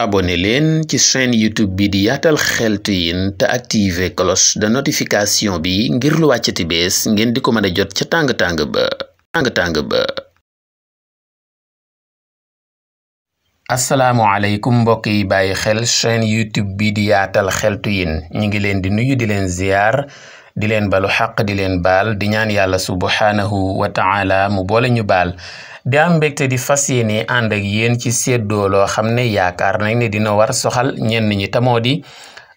abonné leen ci chaîne youtube bi di yaatal xeltu yin te activer cloche de notification bi ngir lu wàccati bees ngeen di ko mën a jot ca tàng-tàng ba tàng mbokk yi bàyyi xel chaîne youtube bii di yaatal xeltu yin ñu ngi leen di nuyu di leen ziyaar di leen balu xaq di leen baal di ñaan yàlla subhaanahu wa taala mu boole ñu baal di am mbégte di fas yéene ànd ak yéen ci séddoo loo xam ne yaakaar nañ ne dina war soxal ñenn ñi tamoo di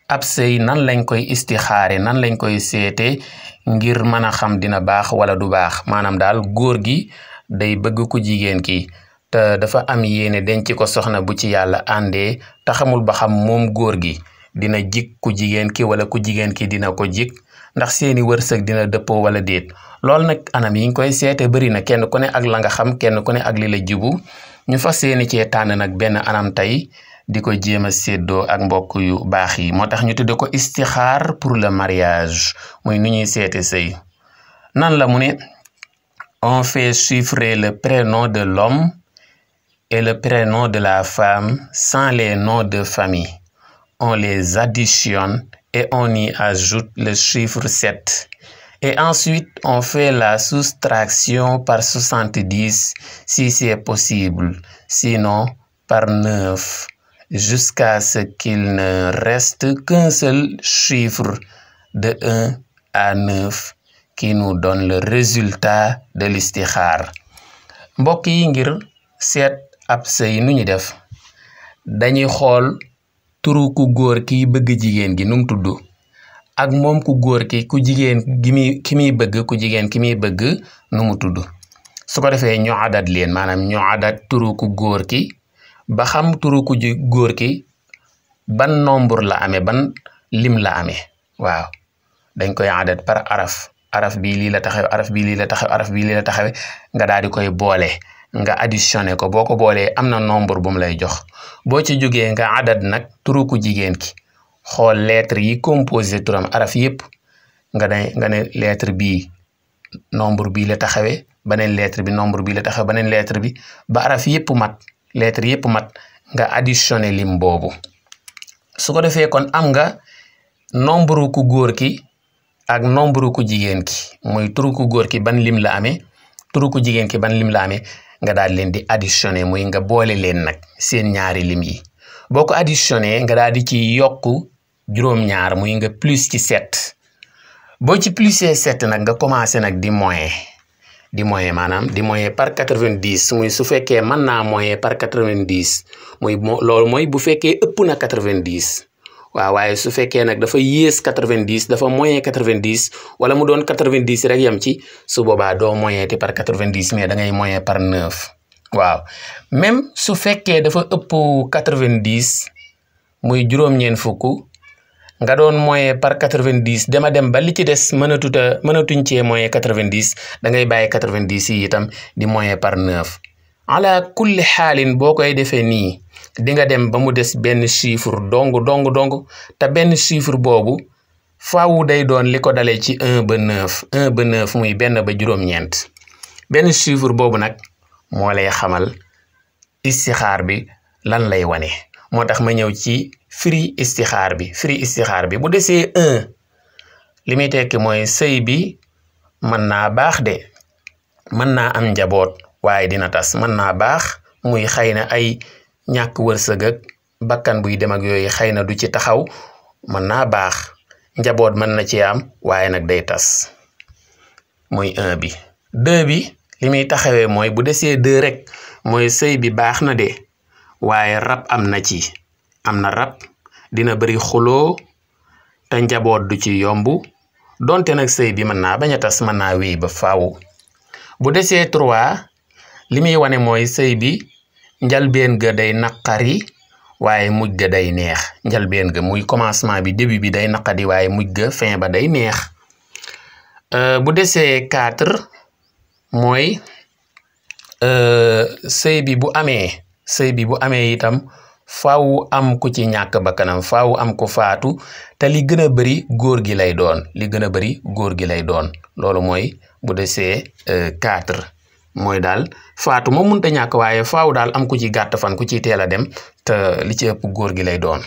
ab sëy nan lañ koy istixaare nan lañ koy seete ngir mën a xam dina baax wala du baax maanaam daal góor gi day bëgg ku jigéen ki te dafa am yéene denc ko soxna bu ci yàlla àndee taxamul ba xam moom góor gi dina jik ku jigéen ki wala ku jigéen ki dina ko jik ndax seeni wërsëg dina dëppoo wala déet loolu nag anam yi ñu koy seete bëri na kenn ku ne ak la nga xam kenn ku ne ak li la jibu ñu fas seeni cee tànn nag benn anam tey di ko jéem a séddoo ak mbokk yu baax yi moo tax ñu tudde ko istixaar pour le mariage muy nu ñuy seete sëy nan la mu ne on fait suifre le prénom de l'homme et le prénom de la femme sans les noms de famille on les additionne et on y ajoute le chiffre 7. Et ensuite, on fait la soustraction par 70 si c'est possible, sinon par 9, jusqu'à ce qu'il ne reste qu'un seul chiffre de 1 à 9 qui nous donne le résultat de l'istixaar mbokk yi ngir set ab sëy nu def dañuy xool turu ku góor ki bëgg jigéen gi num tudd ak moom ku góor ki ku jigéen gi muy ki muy bëgg ku jigéen ki muy bëgg nu mu tudd su ko defee ñu adat leen maanaam ñu adat turu ku góor ki ba xam turu ku góor ki ban nombre la amee ban lim la amee waaw dañ koy adat par araf araf bi lii la taxaw araf bii lii la taxaw araf bii lii la taxawe nga daal di koy boole nga additionné ko boo ko boolee am na nombre bu mu lay jox boo ci jógee nga adad nag turu ku jigéen ki xool lettre yi composé turam araf yépp nga ne nga ne lettre bii nombre bii la taxawee beneen lettre bi nombre bii la taxawee beneen lettre bi ba araf yépp mat lettre yépp mat nga additionné lim boobu su ko defee kon am nga nombre ku góor ki ak nombre ku jigéen ki muy turu ku góor ki ban lim la amee turu ku jigéen ki ban lim amee nga daal leen di additionné mooy nga boole leen nag seen ñaari lim yi boo ko additionné nga daal di ci yokk juróom-ñaar muy nga plus ci sept boo ci plusé set nag nga commencé nag di moyen di moyen maanaam di moyen par quatre vingt muy su fekkee mën naa moyen par quatre vingt loolu mooy bu fekkee ëpp na quatre vingt waaw waaye su fekkee nag dafa yées quatre dafa moyen quatre wala mu doon quatre rek yem ci su boobaa doo moyen ti par quatre mais da ngay moyen par neuf waaw même su fekkee dafa ëpp quatre vingt muy juróom-ñeent fukk nga doon moyen par quatre vingt dema dem ba li ci des mënatuta mënatuñ cee moyen quatre-vingt-dix da ngay bàyyi quatre vingt itam di moyen par neuf ala kulli xaalin boo koy defee nii dinga dem ba mu des benn chiffre dong dong dong te benn chiffre boobu faawu day doon li ko dalee ci un ba neuf un ba neuf muy benn ba juróom-ñeent benn chiffre boobu nag moo lay xamal istixaar bi lan lay wane moo tax ma ñëw ci firi istixaar bi firi istixaar bi bu desee un li muy tekki mooy say bi mën naa baax de mën naa am njaboot waaye dina tas mën naa baax muy xëy na ay ñàkk wërsëg ak bakkan buy dem ak yooyu xëy na du ci taxaw mën naa baax njaboot mën na ci am waaye nag day tas muy un bi deux bi li muy taxawee mooy bu desee deux rekk mooy sëy bi baax na de waaye rab am na ci am na rab dina bari xuloo te njaboot du ci yomb donte nag sëy bi mën naa bañ a tas mën naa wéy ba faaw bu desee trois li muy wane mooy sëy bi njalbeen ga day naqari waaye muj ga day neex njalbeen ga muy commencement bi début bi day naqari waaye mujj ga fin ba day neex euh, bu desee quatre mooy euh, sëy bi bu amee sëy bi bu amee itam faaw am ku ci ñàkk bakkanam faaw am ku faatu te li gën a bëri góor gi lay doon li gën a bëri góor gi lay doon loolu mooy bu desee euh, quatre mooy daal faatu moom mënta ñàkk waaye faaw daal am ku ci gàtt fan ku ciy teel a dem te li ci ëpp góor gi lay doon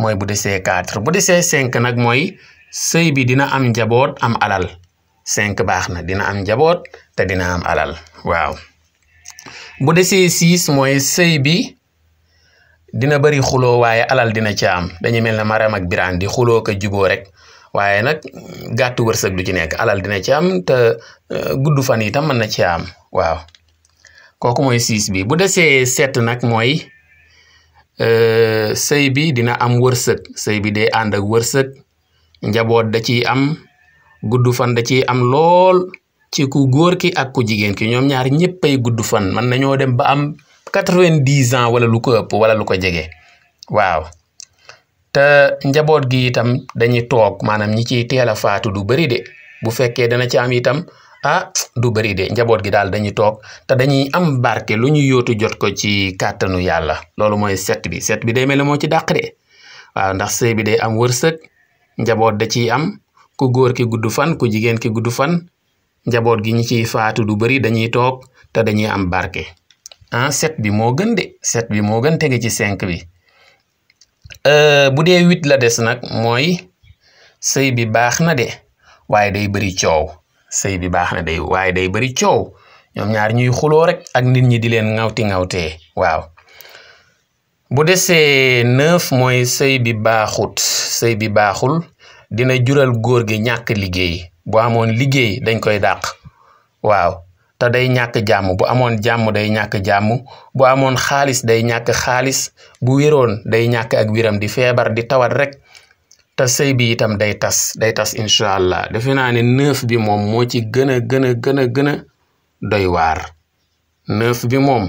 mooy bu desee quatre bu desee cinq nag mooy sëy bi dina am njaboot am alal cinq baax na dina am njaboot te dina am alal waaw bu desee six mooy sëy bi dina bari xuloo waaye alal dina ci am dañu mel ne Maram ak Biraan di xuloo ko juboo rek waaye nag gàttu wërsëg du ci nekk alal dina ci am te euh, gudd fan itam mën na ci am waaw kooku mooy siis bi bu desee seet nag mooy euh, sëy bi dina am wërsëg sëy bi day ànd ak wërsëg njaboot da ci am gudd fan da ciy am lool ci ku góor ki ak ku jigéen ki ñoom ñaar ñëppay gudd fan mën nañoo dem ba am quatre-vingt-dix ans wala lu ko ëpp wala lu ko jege waaw te njaboot gi itam dañuy toog maanaam ñi ciy teel a faatu du bëri de bu fekkee dana ci am itam a ah, du bëri dee njaboot gi daal dañuy toog te dañuy am barke lu ñu yóotu jot ko ci kàttanu yàlla loolu mooy set bi set bi day mel ne moo ci dàq ndax sëy bi day am wërsëg njaboot da ciy am ku góor ki gudd fan ku jigéen ki gudd fan njaboot gi ñi ciy faatu du bëri dañuy toog te dañuy am barke ah set bi moo gën de set bi moo gën tege ci cinq bi Euh, bu dee huit la des nag mooy sëy bi baax na de waaye day bëri coow sëy bi baax na day waaye day bari coow ñoom ñaar ñuy xuloo rek ak nit ñi di leen ŋawti ŋawtee waaw bu desee neuf mooy sëy bi baaxut sëy bi baaxul dina jural góor gi ñàkk liggéey bu amoon liggéey dañ koy dàq waaw te day ñàkk jàmm bu amoon jàmm day ñàkk jàmm bu amoon xaalis day ñàkk xaalis bu wéroon day ñàkk ak wiram di feebar di tawat rek te sëy bi itam day tas day tas incha allah defe naa ne neuf bi moom moo ci gën a gën a gën a gën a doy waar neuf bi moom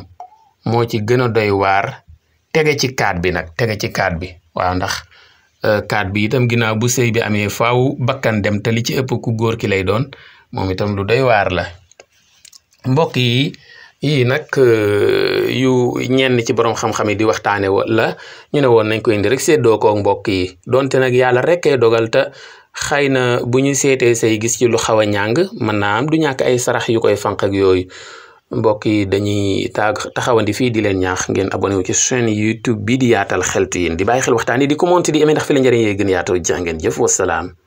moo ci gën a doy waar tege ci kaat bi nag tege ci kaat bi waaw ndax kaat euh, bi itam ginnaaw bu sëy bi amee faaw bakkan dem te li ci ëpp ku góor ki lay doon moom itam lu doy waar la mbokk yi yii nag euh, yu ñenn ci borom xam-xam yi di waxtaane la ñu ne woon nañ ko indi rek séddoo ko mbokk yi donte nag yàlla rek kay dogal te xëy na bu ñu seetee say gis ci lu xaw a ñàng mën naa am du ñàkk ay sarax yu koy fànq ak yooyu mbokk yi dañuy taag taxawandi fii di leen ñaax ngeen abonné wu ci chaîne YouTube bi di yaatal xeltu yéen di bàyyi xel waxtaan yi di commenté di amee ndax fi la njëriñ yee gën yaatalu jaa